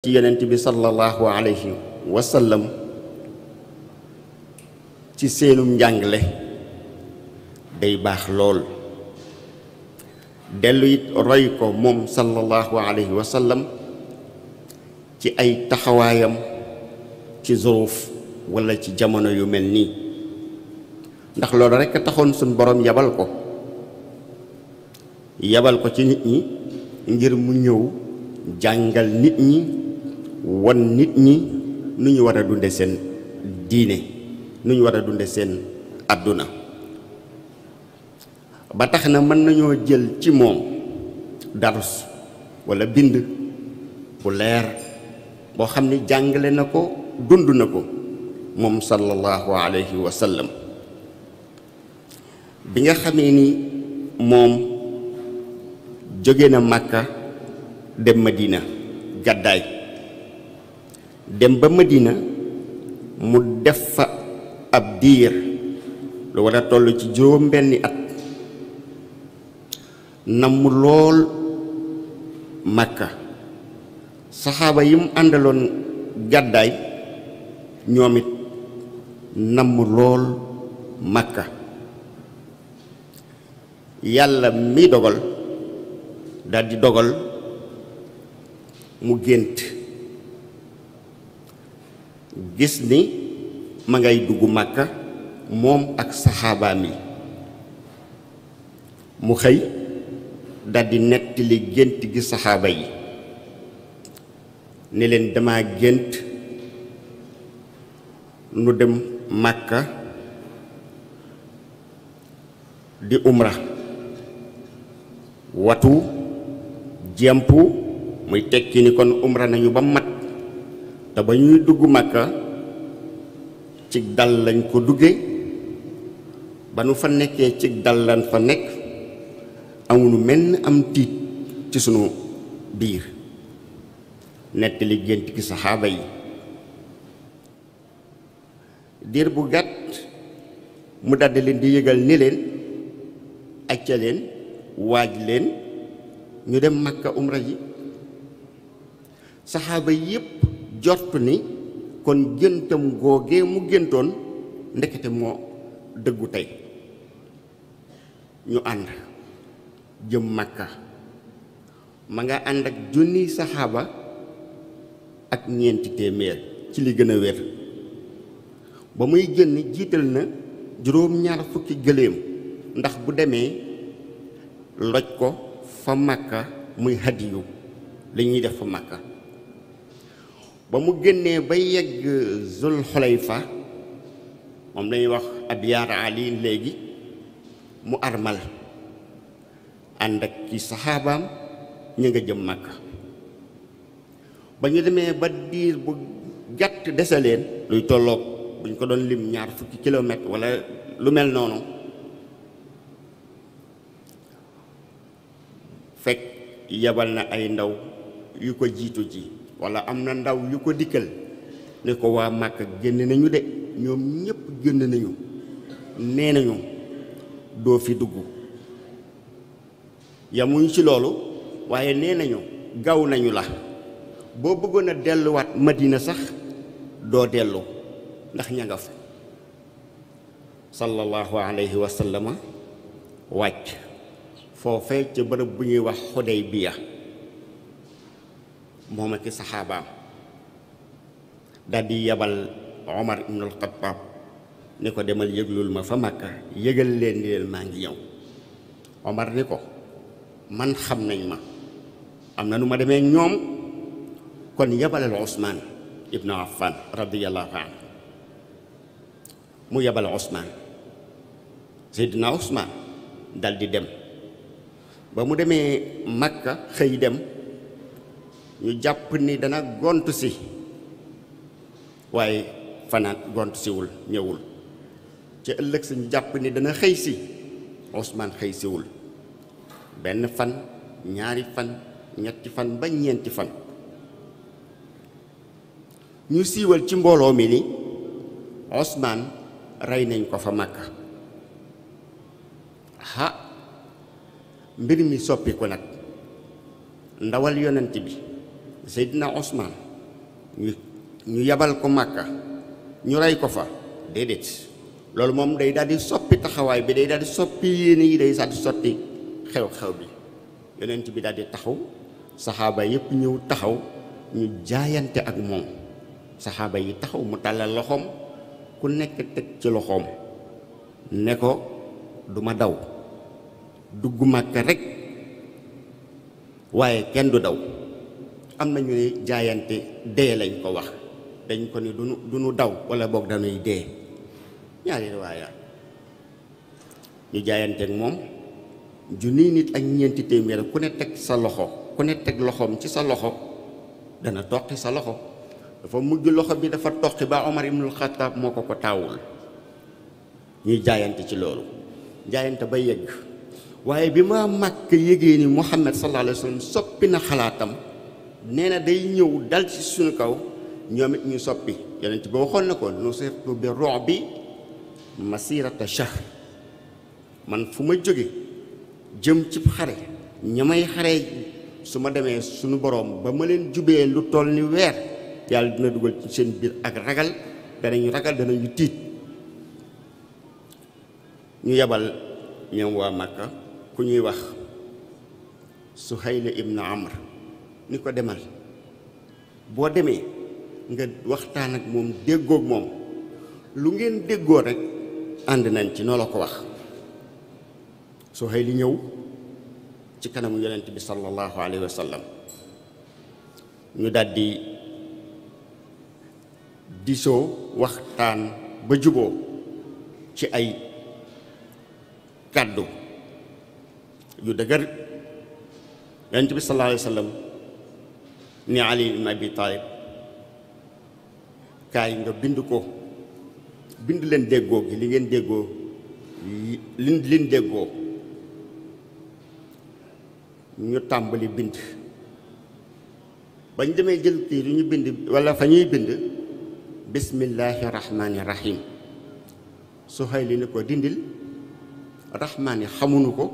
ci yonent bi sallallahu alayhi wa sallam ci seenum njàngle day baax lool dellu it roy ko moom sallallahu alayhi wa ci ay taxawaayam ci zuruf wala ci jamono yu mel nii ndax loolu rekk a taxoon suñ boroom yabal ko yabal ko ci nit ñi ngir mu ñëw jàngal nit ñi wan nit ñi nu ñu war a dunde seen diine nu ñu war a dunde seen àdduna ba tax na mën nañoo jël ci moom darus walla bind bu leer boo xam ne jàngale na ko dund na ko moom sallallahu alayhi wa bi nga xamee ni moom jóge na Màkka dem Madina gàddaay dem ba ma Madina mu def fa ab diir lu war a toll ci juróom-benni at namm lool Makka saxaaba yi mu àndaloon gàddaay ñoom it namm lool Makka yàlla mi dogal daldi dogal mu gént gis ni ma ngay dugg màkka moom ak saxaabaam yi mu xëy daldi nettali gént gi saxaaba yi ne leen dama gént nu dem màkka di umra watu jempu muy tekki ni kon umra nañu ba mat te ñuy dugg màkka ci dal lañ ko dugge ba nu fa nekkee ci dal lañ fa nekk amunu menn am tiit ci sunu biir nettali gént gi saxaaba yi diir bu gàtt mu daldi leen di yëgal ni leen acca leen waaj leen ñu dem màkka umra ji saxaaba yépp jot ni kon géntam googee mu géntoon ndekete moo dëggu tey ñu ànd jëm Makka ma nga ànd ak junniy saxaaba ak ñeenti téeméer ci li gën a wér ba muy génn jiital na juróom-ñaar fukki gëléem ndax bu demee loj ko fa màkka muy hadiyu li ñuy def fa màkka ba mu génnee ba yegg zul xulayfa moom lañuy wax ab abyaar ali léegi mu armal ànd ak ci saxaabam ñu nga jëm Makka ba ñu demee ba diir bu gàtt dese leen luy tolloog buñ ko doon lim ñaar fukki kilomètre wala lu mel noonu fekk yebal na ay ndaw yu ko jiitu ji wala am na ndaw yu ko dikkal ne ko waa Màkka génn nañu de ñoom ñëpp génn nañu nee nañu doo fi dugg yamuñ ci loolu waaye nee nañu gaw nañu la boo bëggoon a delluwaat Madina sax doo dellu ndax ña nga fa sallallahu alayhi wa sallama wàcc foofee ca bërëb bu ñuy wax Xudaybiya moom ak i saxaabaam daldi yebal omar ko demal yëglul ma fa màkka yëgal leen ni leen maa ngi ñëw omar ni ko man xam nañ ma am na nu ma demee ñoom kon yabalal usman ibnu affan radiallahu anhu mu yabal usman seydina usman dal di dem ba mu demee makka xëy dem ñu jàpp ni dana gontu si waaye fanaan gontu siwul ñëwul ci ëllëg sa ñu jàpp ni dana xëy si Ousmane xëy siwul benn fan ñaari fan ñetti fan ba ñeenti fan ñu siiwal ci mbooloo mi ni Ousmane rey nañ ko fa Makka ha mbir mi soppi nag ndawal yonent bi Seydina Osman ñu ñu yabal ko Màkka ñu rey ko fa déedéet loolu moom day daldi soppi taxawaay bi day daal soppi yéene yi day daal di sotti xew-xew bi yonent bi daal di taxaw saxaaba yëpp ñëw taxaw ñu jaayante ak moom saxaaba yi taxaw mu tàllal loxoom ku nekk teg ci loxoom ne ko du ma daw dugg Màkka rek waaye kenn du daw am nañu ne jaayante dee lañ ko wax dañ ko ni duñu du ñu daw wala boog dañuy dee ñaari riwaaya ñu jaayanteeg moom junniy nit ak ñeenti téeméer ku ne teg sa loxo ku ne teg loxoom ci sa loxo dana toqi sa loxo dafa mujj loxo bi dafa toqi ba Omar ibnul Xattaab moo ko ko taawul ñuy jaayante ci loolu jaayante ba yegg waaye bi ma màkk yégée ni Muhammad sallallahu alayhi wa soppi na xalaatam nee na day ñëw dal ci suñu kaw ñoom it ñu soppi yonent ba waxoon na ko nusirtu bi ru'bi masirata shahr man fu ma jóge jëm ci xare ñamay may xare su ma demee suñu boroom ba ma leen jubee lu toll ni weer yàlla dina dugal ci seen biir ak ragal danañu ragal danañu tiit ñu yebal ñoom waa Makka ku ñuy wax su Suhayl ibn Amr ni ko demal boo demee nga waxtaan ak moom déggoog moom lu ngeen déggoo rek ànd nañ ci noo la ko wax Suhayl li ñëw ci kanamu yonent bi sallallahu alayhi wa sallam ñu daldi di soo waxtaan ba juboo ci ay kàddu yu dëgër yonent bi sallallahu alayhi wa ni ali ibn abi kaay nga bind ko bind leen déggoo gi li ngeen déggoo li liñ déggoo ñu tàmbali bind bañ demee jël kii yu ñu bind walla fa ñuy bind bismillahi rahmani rahim Suhayli ni ko dindil rahmaani xamuñu ko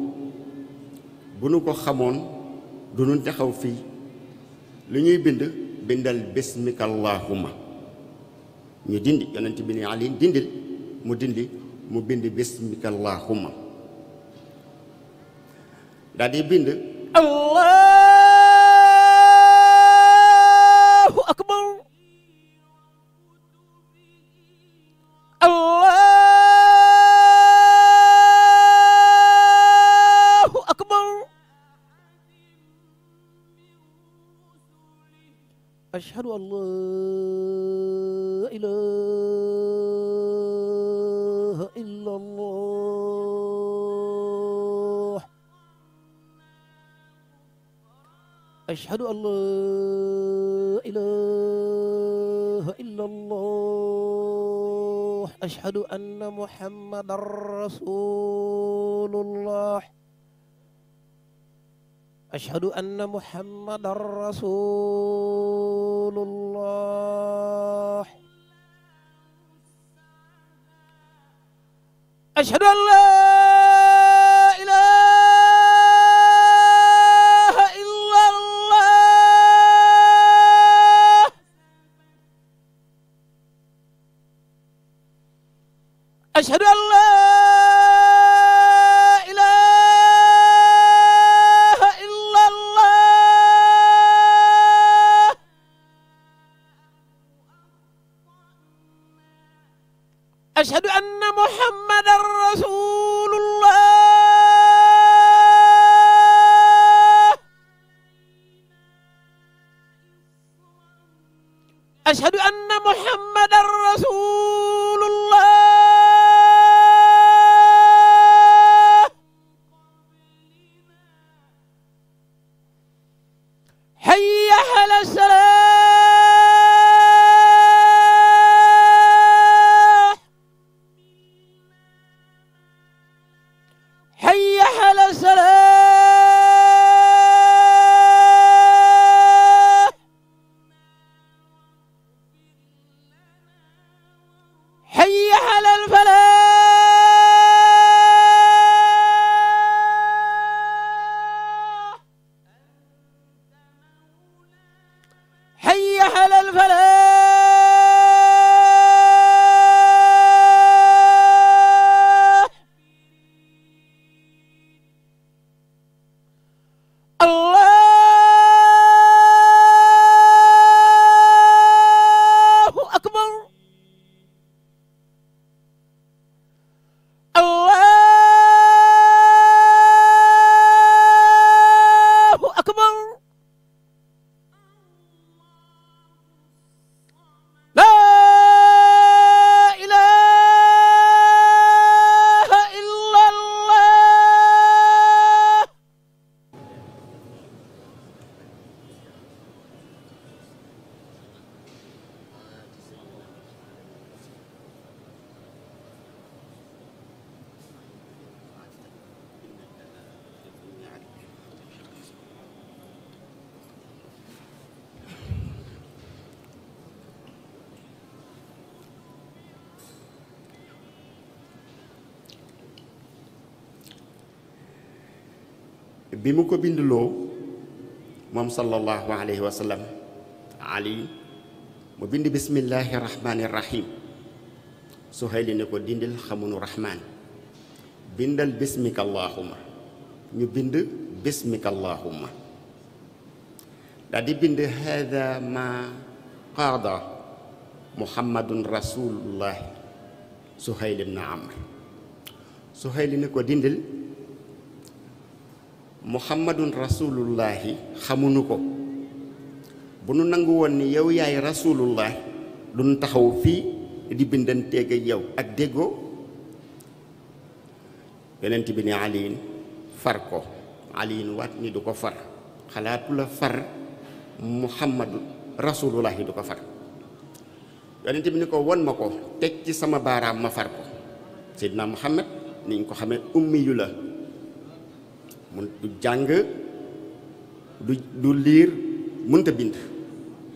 bu nu ko xamoon du nu taxaw fii li ñuy bind bindal bismika allahumma ñu dindi yonent bi ni dindil mu dindi mu bind bismika allahumma bind allah ashhadu an laa ilaaha illa allah ashhadu an laa ilaaha illa allah ashhadu anna muhammadan rasulullah ashhadu anna muhammadan rasul رسول الله أشهد أن لا لله الشرف bi mu ko bindloo moom sallallahu alayhi wa sallam ali mu bind bismillahi rahmaani rahim Suhayli ne ko dindil xamunu rahmaan bindal bismika allahumma ñu bind bismika allahumma daal di bind hada ma qaada muhammadun rasulullah Suhayli ibn Amr Suhayli ne ko dindil muhammadun rasulullahi xamuñu ko bu nu nangu woon ni yow yaay rasulullah lu nu taxaw fii di bindanteeg ak yow ak déggoo yonent bi ne aliin far ko aliin waat ni du ko far xalaatu la far muhammadu rasulullahi du ko far yonent bi ni ko won ma ko teg ci sama baaraam ma far ko seydina muhammad niñ ko xamee ummiyu la mun du jàng du liir mënta bind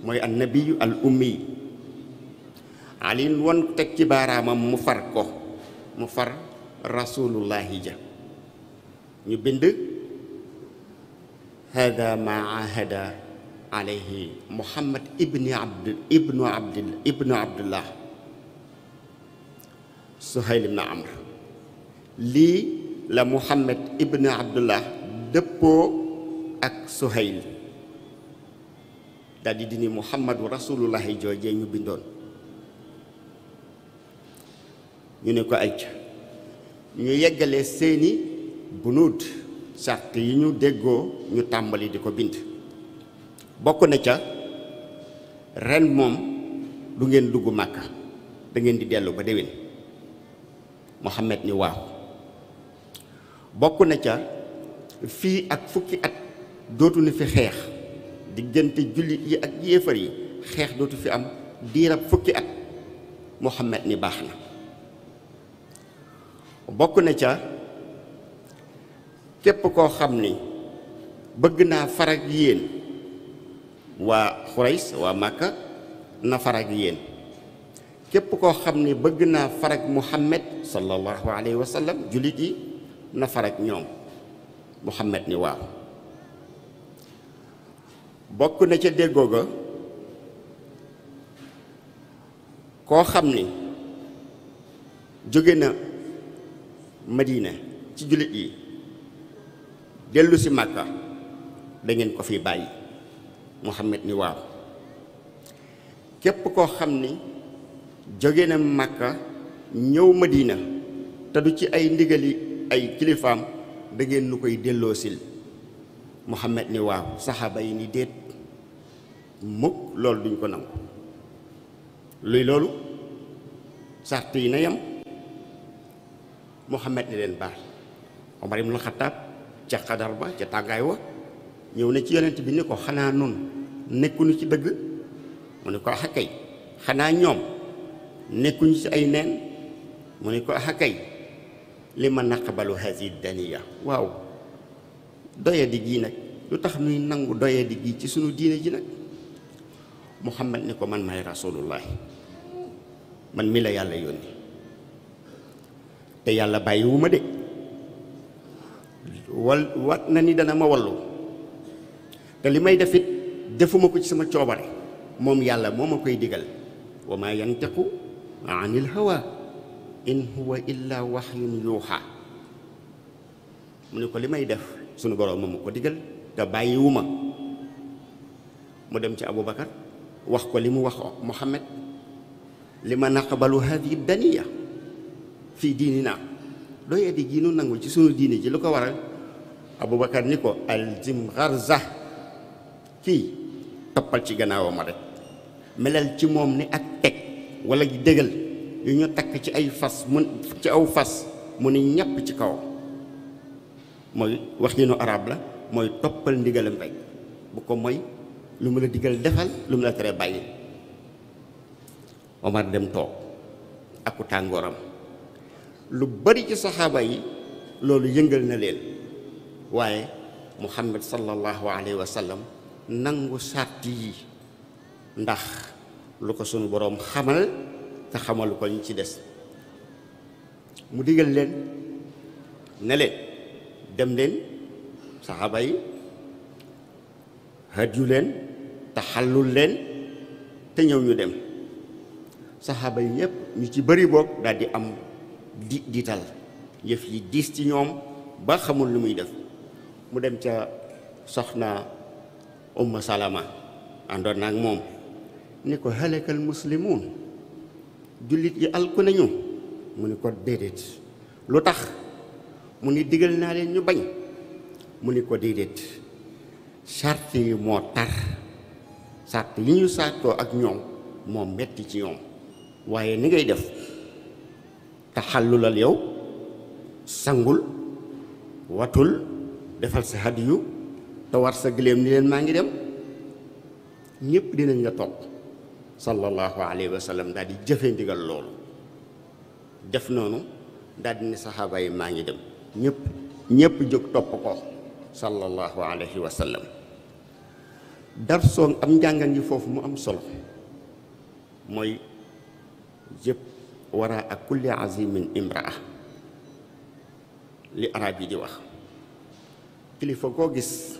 mooy an nabiyu al ummi alin won teg ci baaraamam mu far ko mu far rasulullahi ja ñu bind hada ma ahada alayhi muhammad ibni abd ibnu abd ibnu abdullah suhayl ibn amr lii la Muhammad ibn Abdullah dëppoo ak Suhayl daldi dini Muhammadu rasulullahi joojee ñu bindoon ñu ne ko ay ñu yeggale seeni bunuut sart yi ñu déggoo ñu tàmbali di ko bind bokk na ca ren moom du ngeen dugg màkka dangeen di dellu ba déwén Muhammad ni waaw bokk na ca fii ak fukki at dootuñu fi xeex diggante jullit yi ak yéefar yi xeex dootu fi am diirab fukki at Muhammad ni baax na bokk na ca képp koo xam ni bëgg naa farag yéen waa Xurays waa Màkka na farag yéen képp koo xam ni bëgg naa farag Muhammad sallallahu alayhi wa jullit yi na farag ñoom Muhammad ni waaw bokk na ca déggoo ga koo xam ni jóge na Madina ci jullit yi dellu si Màkka da ngeen ko fi bàyyi Muhammad ni waaw képp koo xam ni jóge na Màkka ñëw Madina te du ci ay ndigali ay kilifaam da lu nu koy delloosil Muhammad ni waaw saxaaba yi ni déet mukk loolu duñ ko nangu luy loolu sart yi na yem Muhammad ni leen baal Omar ibn Xattaab ca xadar ba ca tàggaay wa ñëw na ci yonent bi ni ko xanaa nun nekkuñu ci dëgg mu ne ko axakay xanaa ñoom nekkuñu ci ay neen mu ne ko axakay li ma naqbalu hasi daniya waaw doyadi gii nag lu tax nuy nangu doyadi gii ci sunu diine ji nag muhammad ni ko man maay rasulullah man mi la yàlla yónni te yàlla bàyyiwu ma de wal wat na ni dana ma wallu te li may defit defuma ko ci sama coobare moom yàlla moo ma koy digal wa ma yantiqu anil hawa in huwa illa wahyun yuuxa mu ne ko li may def sunu boroom moom mu ko digal te bàyyiwu ma mu dem ci Aboubacar wax ko li mu wax Muhammad li ma naqbalu hadihi daniya fii diinina doyee di giinu nangul ci sunu diini ji lu ko waral Aboubacar ni ko aljim xarza kii toppal ci gannaawam rek melal ci moom ni ak teg wala dëggal yu ñu takk ci ay fas mun ci aw fas mu ni ñàpp ci kaw mooy wax ñu nu arab la mooy toppal ndigalam rek bu ko moy lu mu la digal defal lu mu la tere bàyyi Omar dem toog aku tàngooram lu bari ci saxaaba yi loolu yëngal na leen waaye Muhammad sallallahu alayhi wa sallam nangu sàtt yi ndax lu ko sunu boroom xamal te xamalu ko ñu ci des mu digal leen ne leen dem leen saxaaba yi hadiyu leen te leen te ñëw ñu dem saxaaba yi yëpp ñu ci bëri boog daal di am di diital yëf yi diis ci ñoom ba xamul lu muy def mu dem ca soxna umma salama àndoon naag moom ni ko halakal muslimun jullit yi alku nañu mu ni ko déedéet lu tax mu ni digal naa leen ñu bañ mu ni ko déedéet sart yi moo tar sart yi ñu sàccoo ak ñoom moo metti ci ñoom waaye ni ngay def taxallulal yow sangul watul defal sa hadiyu te war sa gëléem ni leen maa ngi dem ñépp dinañ la togg sallallahu alayhi wa sallam daal di jëfe ndigal loolu def noonu daal di ne saxaaba maa ngi dem ñëpp ñëpp jóg topp ko sallallahu alayhi wa dar soon am njàngan yi foofu mu am solo mooy yëpp waraa ak kulli azimin imraa li arab yi di wax kilifa koo gis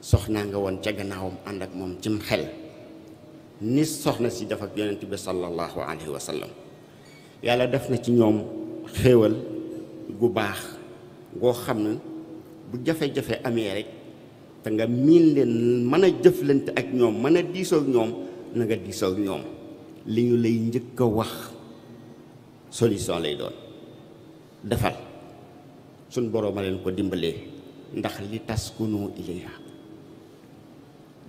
soxnaa nga woon ca gannaawam ànd ak moom cim xel ni soxna si def ak yonent bi sallallahu alayhi wa sallam yàlla def na ci ñoom xéewal gu baax goo xam ne bu jafe-jafe amee rek te nga miin leen mën a jëflante ak ñoom mën a diisoo ñoom na nga diisoo ñoom li ñu lay njëkk a wax solution lay doon defal suñ boroom a leen ko dimbalee ndax li taskunu ilayha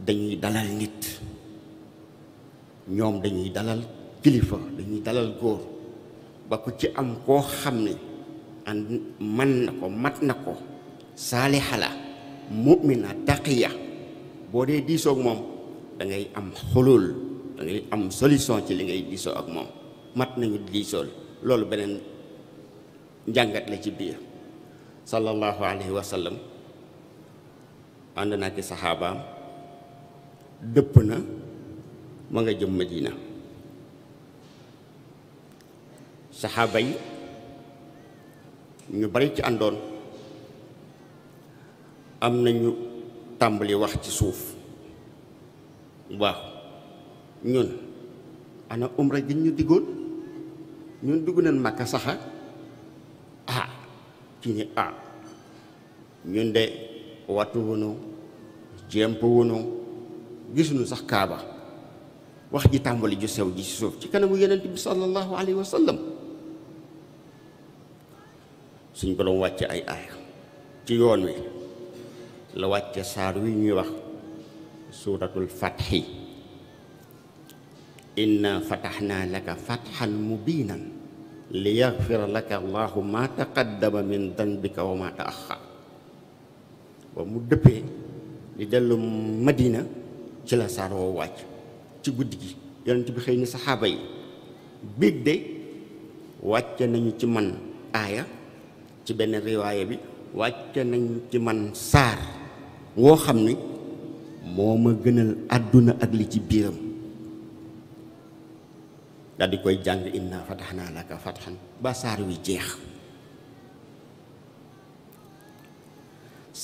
dañuy dalal nit ñoom dañuy dalal kilifa dañuy dalal góor ba ku ci am koo xam ne man na ko mat na ko saaliha la mu'mina taqiya boo dee diisoog moom dangay am xulul da am solution ci li ngay diisoo ak moom mat nañu diisool loolu beneen njàngat la ci biir sallallahu alayhi wa sallam ànd naa ki saxaabaam dëpp na ma nga jëm Madina saxaaba yi ñu bari ci àndoon am na ñu tàmbali wax ci suuf waaw ñun ana umra gi ñu diggoon ñun dugg na Makka saxa ah ci ni ah ñun de wattu wunu jéem pa gisuñu sax Kaaba wax ji tàmbali ju sew ji ci suuf ci kanamu yonent bi sallallahu alayhi wa sallam suñ wàcce ay aaya ci yoon wi la wàcce saar wi ñuy wax suuratul fatxi inna fataxnaa laka fatxan mubiinan li yaxfira laka allahu ma taqaddama min danbika wa ma taaxar ba mu dëppee di dellu madina ci la saar woo wàcc ci guddi gi yonent bi xëy na saxaaba yi biig de wàcce nañu ci man aaya ci benn riwaaya bi wàcce nañu ci man saar woo xam ni moo ma gënal àdduna ak li ci biiram daal di koy jàng inna fataxnaa laka fatxan ba saar wi jeex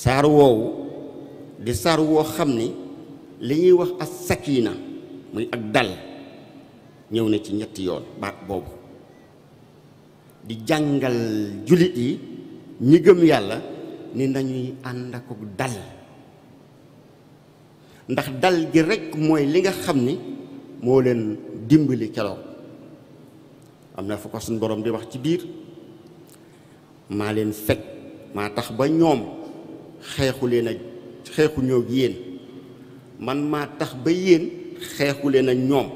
saar woowu di saar woo xam ni li ñuy wax as sakina muy ak dal ñëw na ci ñetti yoon baat boobu di jàngal jullit yi ñi yàlla ni nañuy ànd ak dal ndax dal gi rekk mooy li nga xam ni moo leen dimbali keroog am na fu ko suñ borom di wax ci biir maa leen fekk maa tax ba ñoom xeexu leen ak xeexu ñoo yéen man maa tax ba yéen xeexu leen ñoom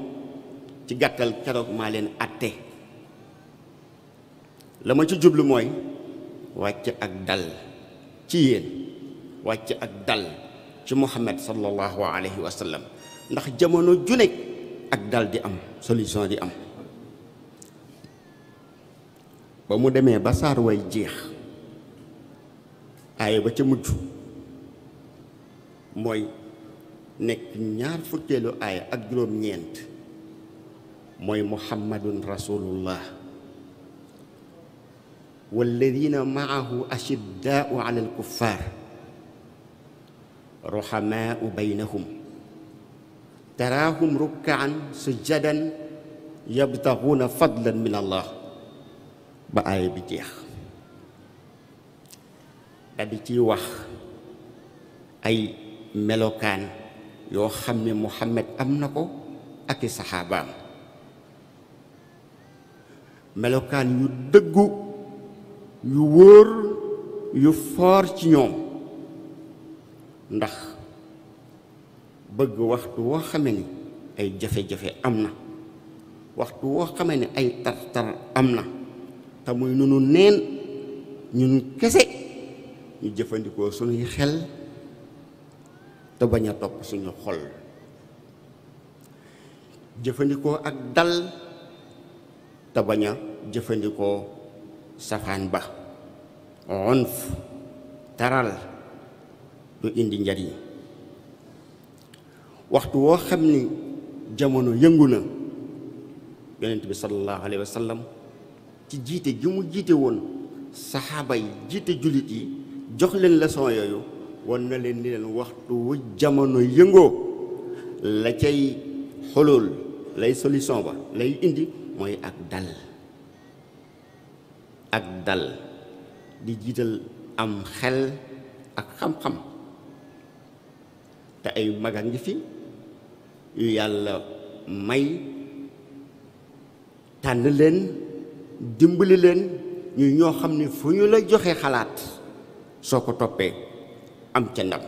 ci gàttal keroog maa leen atte la ma ci jublu mooy wàcc ak dal ci yéen wàcc ak dal ci Muhammad sallallahu alayhi wa ndax jamono ju nekk ak dal di am solution di am ba mu demee ba saar way jeex aaye ba ca mujj mooy nekk ñaar fukkeelu aaya ak juróom-ñeent mooy muhammadun rasulullah walladina maahu ashiddaau ala alkuffar ruhamaau baynahum taraahum rukkaan sujjadan yabtaxuuna fadlan min allah ba aaya bi jeex da di ciy wax ay melokaan yoo xam ne Muhammad am na ko ak i saxaabaam melokaan yu dëggu yu wóor yu foor ci ñoom ndax bëgg waxtu woo xame ni ay jafe-jafe am na waxtu woo xame ni ay tar-tar am na te muy nunu neen ñun kese ñu jëfandikoo sunuy xel te bañ a topp suñu xol jëfandikoo ak dal te bañ jëfandikoo safaan ba onf taral du indi njariñ waxtu woo xam ni jamono yëngu na yonent bi sallallahu alayhi wa sallam ci jiite gi mu jiite woon saxaaba yi jiite jullit yi jox leen leçon yooyu wan na leen ni leen waxtu wu jamono yëngoo la cay xolool lay solution ba lay indi mooy ak dal ak dal di jiital am xel ak xam-xam te ay maga ngi fi yu yàlla may tànn leen dimbali leen ñu ñoo xam ne fu ñu la joxe xalaat soo ko toppee am ca ndam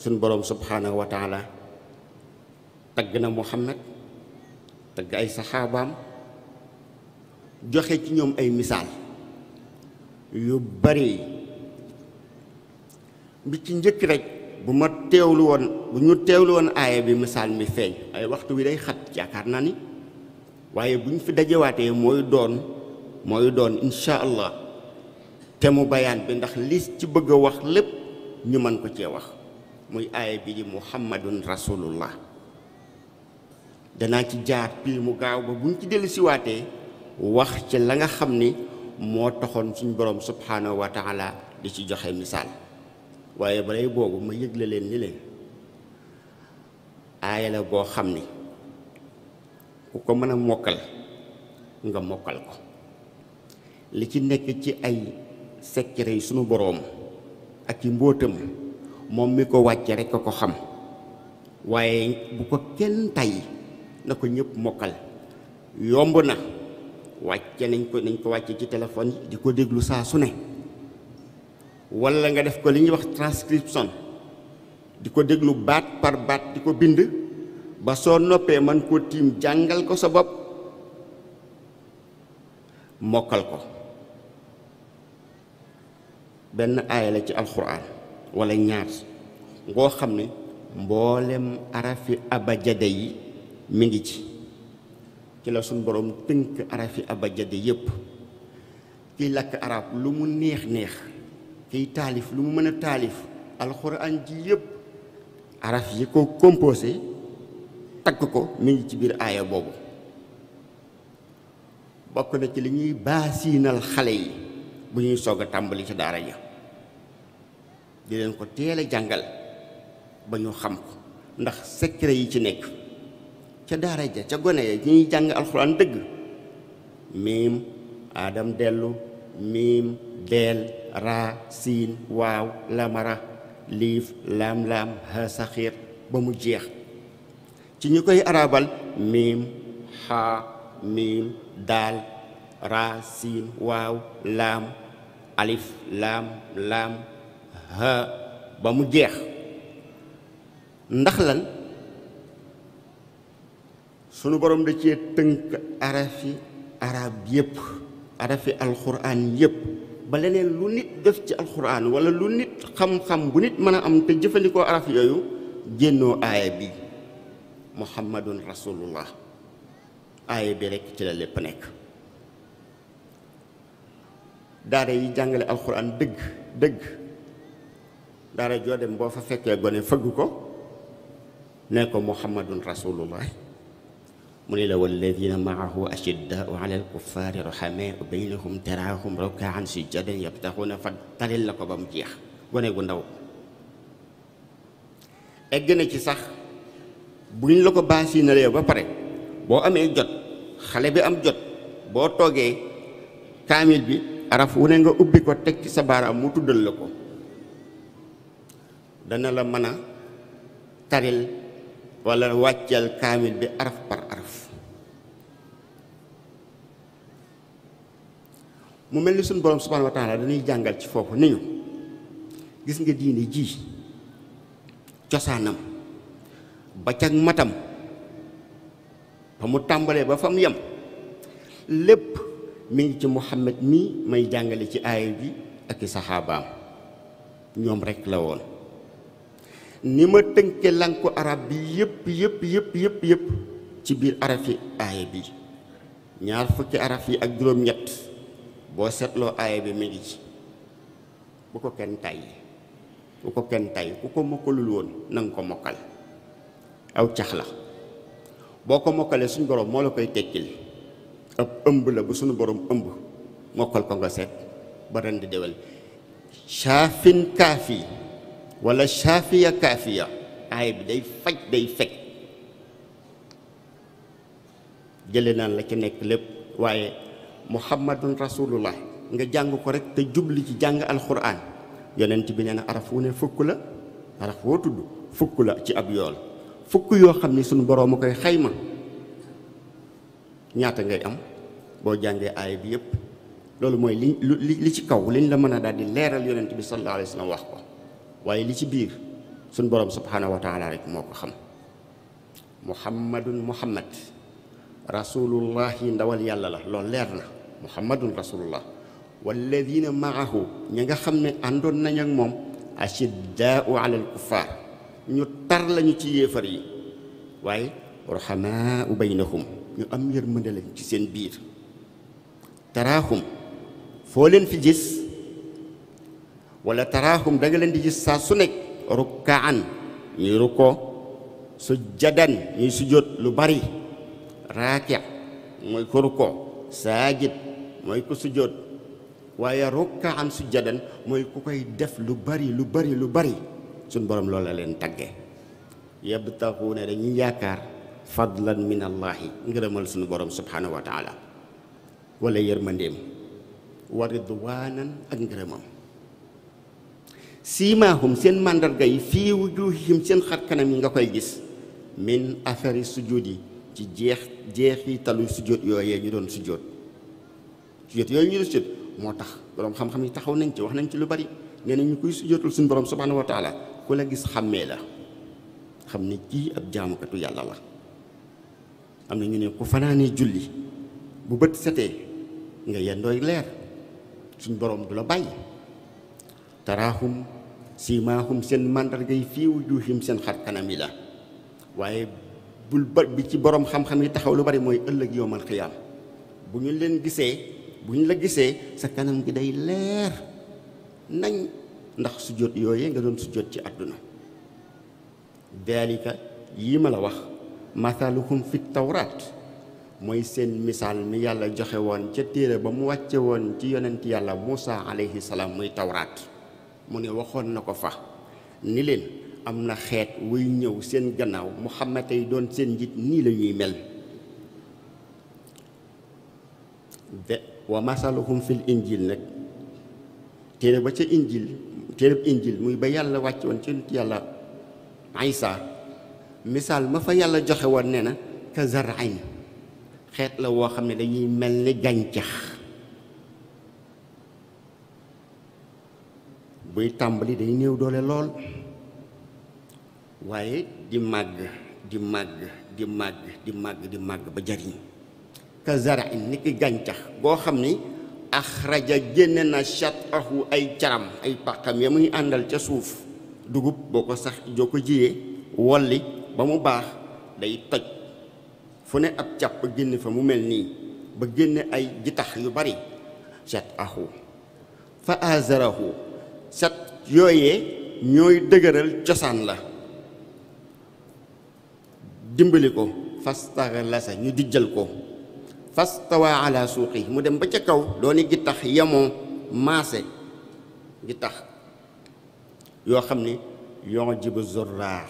suñ boroom subhaanahu wa taala tagg na muhammad tagg ay saxaabaam joxe ci ñoom ay misaal yu bari bi ci njëkk rek bu ma teewlu woon bu ñu teewlu woon aaya bi misaal mi feeñ ay waxtu wi day xat yaakaar naa ni waaye bu ñu fi dajewaatee mooy doon mooy doon insha allah te mu bayaan bi ndax li ci bëgg a wax lépp ñu mën ko cee wax muy aaya bi di muhammadun rasulullah danaa ci jaar pii mu gaaw ba buñ ci dellu siwaatee wax ci la nga xam ni moo taxoon suñ borom subhanahu wa taala di ci joxe misaal waaye balay boobu ma yëgle leen ni leen aaya la boo xam ni ku ko mën a mokkal nga mokkal ko li ci nekk ci ay secret yi sunu boroom ak i mbóotam moom mi ko wàcce rekk a ko xam waaye bu ko kenn tay na ko ñëpp mokkal yomb na wàcce nañ ko nañ ko wàcce ci téléphone yi di ko déglu saa su ne walla nga def ko li ñuy wax transcription di ko déglu baat par baat di ko bind ba soo noppee man koo tiim jàngal ko sa bopp mokkal ko benn aaya la ci alxuraan walla ñaar ngoo xam ne mboolem arafi abajade yi mi ngi ci ci la suñ boroom tënk arafi abajade yépp kiy lakk arab lu mu neex neex kiy taalif lu mu mën a taalif alxuraan ji yépp araf yi ko composé takk ko mi ngi ci biir aaya boobu bokk na ci li ñuy baasiinal xale yi bu ñuy soog a tàmbali ci daara ja di leen ko teel jàngal ba ñu xam ko ndax secret yi ci nekk ca daara ja ca gone ya ñuy jàng alxuraan dëgg miim aadam dellu miim deel raa siin waaw lamara liif laam-laam ha saxiir ba mu jeex ci ñu koy arabal miim xaa miim daal raa siin waaw laam alif laam laam ha ba mu jeex ndax lan sunu borom da cee tënk arafi arab yépp arafi alxuraan yépp ba leneen lu nit def ci alxuraan wala lu nit xam-xam bu nit mën a am te jëfandikoo araf yooyu génnoo aaya bi muhammadun rasulullah aaya bi rekk ci la lépp nekk daara yi jàngale alxuraan dëgg dëgg daara joo dem boo fa fekkee gone fëgg ko ne ko muhammadun rasulullah mu ne la walladina maahu ashiddaau ala alkuffaari ruhamaau baynahum taraahum rukaan sujjadan yabtaxuuna fa talil la ko ba mu jeex gone gu ndaw egg na ci sax bu buñ la ko baasi na lee ba pare boo amee jot xale bi am jot boo toogee kaamil bi araf ne nga ubbi ko teg ci sa baaraam mu tuddal la ko dana la mën a taril walla wàcceel kaamil bi araf par araf mu mel ni suñ borom subhaanahu wa taala dañuy jàngal ci foofu ni ñu gis nga diine jii cosaanam ba ca matam ba mu tàmbalee ba fam yam yem lépp mi ngi ci Muhammad mii may jàngale ci aaya bi ak i saxaabaam ñoom rekk la woon ni ma tënke lanku arab bi yépp yépp yëpp yëpp yëpp ci biir arafi aaya bi ñaar fukki araf yi ak juróom-ñett boo seetloo aaya bi mi ngi ci bu ko kenn tàyyi bu ko kenn tàyyi ku ko mokkalul woon na ko mokkal aw cax la boo ko mokkalee suñ borom moo la koy tekkil ab ëmb la bu suñu borom ëmb mokkal ko nga seet ba ren di déwél kaafi wala shaafiya kaafiya aay bi day faj day fekk jële naan la ci nekk lépp waaye muhammadun rasulullah nga jàng ko rek te jubli ci jàng alquran yonent bi nee na araf ne fukk la araf tudd fukk la ci ab yool fukk yoo xam ni suñu boroom a koy xayma ñaata ngay am boo jàngee aay bi yépp loolu mooy li li ci kaw liñ la mën a daal di leeral yonent bi sallallahu wax ko waaye li ci biir suñ borom subhaanahu wa taala rek moo ko xam muhammadun muhammad rasulullahi ndawal yàlla la lool leer na muhammadun rasulullah walladina maahu ñi nga xam ne àndoon nañ ak moom ashiddaau ala al kuffar ñu tar lañu ci yéefar yi waaye ruhamaau baynahum ñu am yërmande lañ ci seen biir taraahum foo leen fi gis wala taraahum da nga leen di gis saa su nekk rukkaan ñuy rukkoo sujjadan ñuy sujjóot lu bari raaki' mooy ko rukkoo saajid mooy ko sujjóot waaye rukkaan sujjadan mooy ku koy def lu bari lu bari lu bari suñ borom loola leen tagge yabtaxuuna dañuy yaakaar fadlan min allaahi ngërëmal suñu borom subhaanahu wa taala wala yërmandeem wa ridwaanan ak ngërëmam siimaahum seen màndarga yi fii wujuhihim seen xar kanam yi nga koy gis min afari sujjóot yi ci jeex jeexitalu sujjóot yooyee ñu doon sujjóot sujjóot yooyu ñu doon sujjóot moo tax boroom xam yi taxaw nañ ci wax nañ ci lu bari nee na ñu kuy sujjóotul suñu borom subhaanahu wa taala ku la gis xàmmee la xam ni kii ab jaamukatu yàlla la am na ñu ne ku fanaanee julli bu bët setee nga yendooy leer suñ borom du la bàyyi taraahum siimaahum seen màndarga yi fii wujuuhim seen xar kanam yi la waaye bul ba bi ci boroom xam-xam yi taxaw lu bari mooy ëllëg yowmal xiyaam bu ñu leen gisee bu ñu la gisee sa kanam gi day leer nañ ndax sujjóot yooyee nga doon sujjóot ci àdduna daalika yii ma la wax mathaluhum fi tawraat mooy seen misaal mi yàlla joxe woon ca téere ba mu wàcce woon ci yonent yàlla Muusa alayhi salaam muy tawraat mu ne waxoon na ko fa ni leen am na xeet wuy ñëw seen gannaaw mu xam Muhammad tey doon seen njiit nii lañuy mel de wa masaluhum fil injil nag téere ba ca injil téereb injil muy ba yàlla wàcc woon ci nit yàlla Isa misaal ma fa yàlla joxe woon ne na ka zar'in xeet la woo xam ne dañuy mel ni gàncax buy tàmbali day néew doole lool waaye di màgg di màgg di màgg di màgg di màgg ba jariñ ka zarain ni ki gàncax boo xam ni raja génne na shatahu ay caram ay pàqam ya muy àndal ca suuf dugub boo ko sax joo ko jiyee wolli ba mu baax day toj fu ne ab càpp génne fa mu mel nii ba génne ay jitax yu bari shatahu fa azarahu set yooyee ñooy dëgëral cosaan la dimbali ko fastara lasa ñu dijjal ko fastawa ala suuqi mu dem ba ca kaw dooni gi tax yemoo maase gi yoo xam ne yon jiba zorrar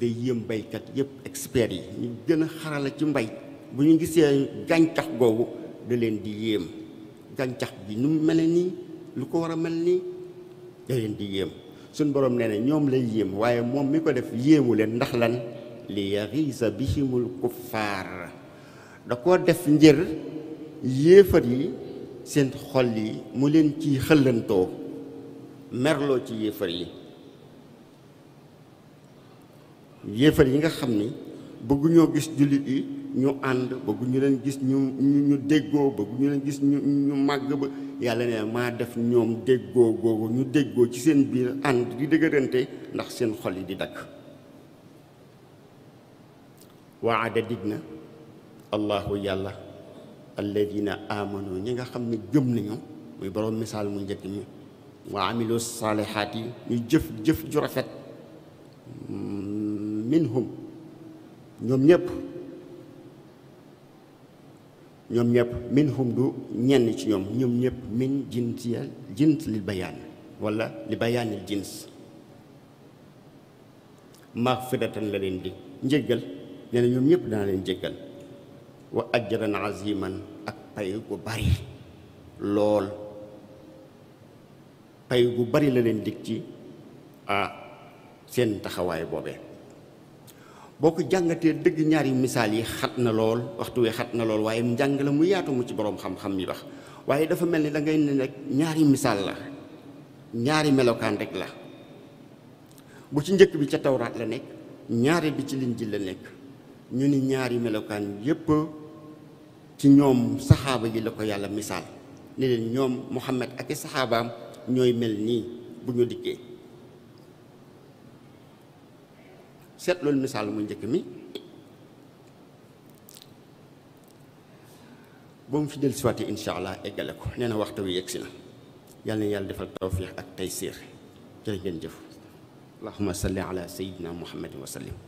day yëm baykat yëpp experts yi ñu gën a xarala ci mbay bu ñu gisee gàncax googu da leen di yéem gàncax gi nu mel nii lu ko war mel nii da leen di yéem suñ borom nee na ñoom lay yéem waaye moom mi ko def yéemu leen ndax lan li yaxiisa bihimul kuffaar da koo def njër yéefar yi seen xol yi mu leen ciy xëllantoo merloo ci yéefar yi yéefar yi nga xam ni bëgguñoo gis jullit yi ñu ànd bëgguñu leen gis ñu ñu déggoo bëgguñu leen gis ñu ñu màgg ba yàlla ne maa def ñoom déggoo googu ñu déggoo ci seen biir ànd di dëgërante ndax seen xol yi di dakk waada dig na allahu yàlla alladina amanu ñi nga xam ne gëm nañu muy borom misaal mu njëkk ñi wa amilu saalihaat yi ñu jëf jëf ju rafet mm, minhum ñoom ñëpp ñoom ñëpp min hum du ñenn ci ñoom ñoom ñëpp min jinsiyal jins li bayaan wala li bayaanil jins maxfiratan la leen di njëggal nee na ñoom ñëpp dana leen jéggal wa ajran aziman ak pay gu bari lool pay gu bari la leen dig ci ah seen taxawaay boobee boo ko jàngatee dëgg ñaari misaal yi xat na lool waxtu wi xat na lool waaye njàng la mu yaatu mu ci boroom xam-xam yi wax waaye dafa mel ni da ngay ne ñaari misaal la ñaari melokaan rek la bu ci njëkk bi ca tawraat la nekk ñaari bi ci linjiil la nekk ñu ni ñaari melokaan yépp ci ñoom saxaaba yi la ko yàlla misaal ne leen ñoom Muhammad ak i saxaabaam ñooy mel nii bu ñu dikkee seet loolu misaal mu njëkk mi ba mu fi del siwaatee incha allah eggale ko nee na waxtu wi yegg si na yàlla na yàlla defal tawfiix ak taysiir jërë ngeen jëf allahuma salli ala sayidina muhammadin wa sallim